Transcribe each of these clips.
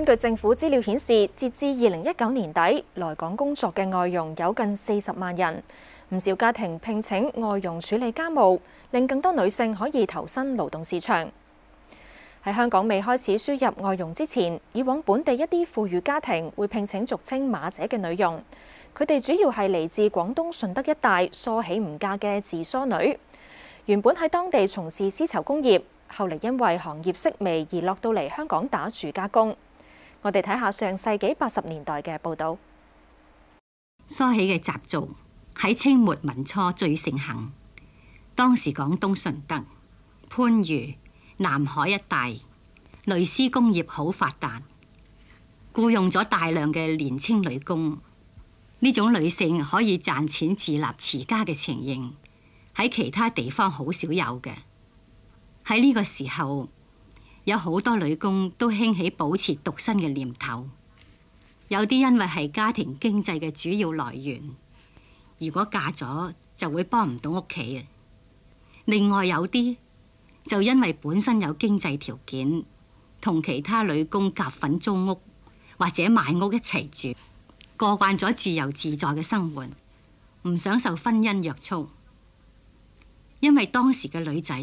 根據政府資料顯示，截至二零一九年底，來港工作嘅外傭有近四十萬人。唔少家庭聘請外傭處理家務，令更多女性可以投身勞動市場。喺香港未開始輸入外傭之前，以往本地一啲富裕家庭會聘請俗稱媽姐嘅女傭。佢哋主要係嚟自廣東順德一帶梳起唔嫁嘅自梳女，原本喺當地從事絲綢工業，後嚟因為行業式微而落到嚟香港打住家工。我哋睇下上世紀八十年代嘅報導。梳起嘅習俗喺清末民初最盛行。當時廣東順德、番禺、南海一帶繅絲工業好發達，僱用咗大量嘅年青女工。呢種女性可以賺錢自立持家嘅情形喺其他地方好少有嘅。喺呢個時候，有好多女工都興起保持獨身嘅念頭，有啲因為係家庭經濟嘅主要來源，如果嫁咗就會幫唔到屋企。另外有啲就因為本身有經濟條件，同其他女工夾份租屋或者買屋一齊住，過慣咗自由自在嘅生活，唔想受婚姻約束。因為當時嘅女仔。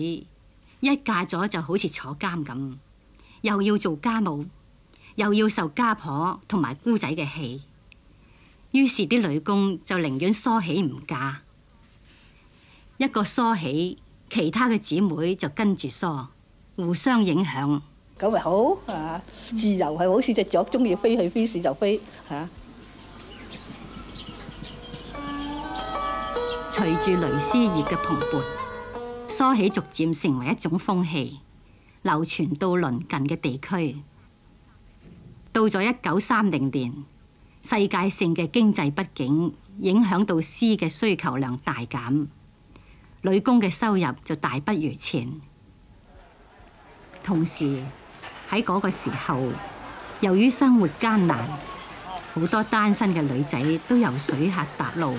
一嫁咗就好似坐監咁，又要做家務，又要受家婆同埋姑仔嘅氣。於是啲女工就寧願梳起唔嫁，一個梳起，其他嘅姊妹就跟住梳，互相影響。咁咪好啊？自由係好似隻雀，中意飛去飛是就飛吓。隨、啊、住雷絲業嘅蓬勃。梳起逐漸成為一種風氣，流傳到鄰近嘅地區。到咗一九三零年，世界性嘅經濟不景，影響到絲嘅需求量大減，女工嘅收入就大不如前。同時喺嗰個時候，由於生活艱難，好多單身嘅女仔都由水客搭路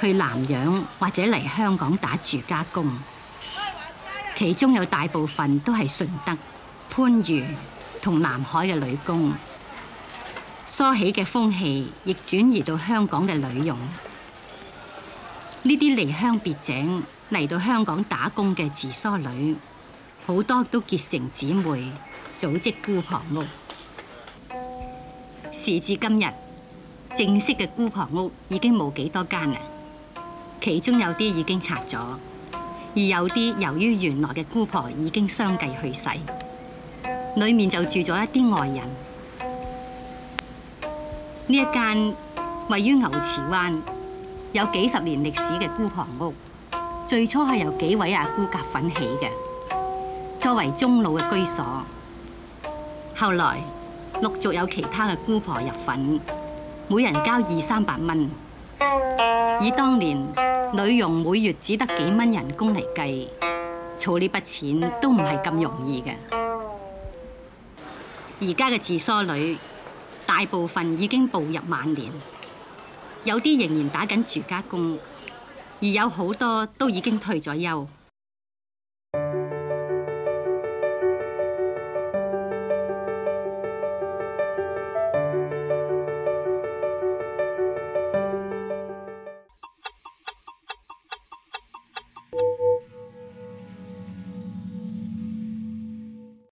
去南洋或者嚟香港打住家工。其中有大部分都係順德、番禺同南海嘅女工，梳起嘅風氣亦轉移到香港嘅女傭。呢啲離鄉別井嚟到香港打工嘅自梳女，好多都結成姊妹，組織姑婆屋。時至今日，正式嘅姑婆屋已經冇幾多間啦，其中有啲已經拆咗。而有啲由於原來嘅姑婆已經相繼去世，裡面就住咗一啲外人。呢一間位於牛池灣有幾十年歷史嘅姑婆屋，最初係由幾位阿姑夾份起嘅，作為終老嘅居所。後來陸續有其他嘅姑婆入份，每人交二三百蚊。以當年女傭每月只得幾蚊人工嚟計，儲呢筆錢都唔係咁容易嘅。而家嘅自梳女大部分已經步入晚年，有啲仍然打緊住家工，而有好多都已經退咗休。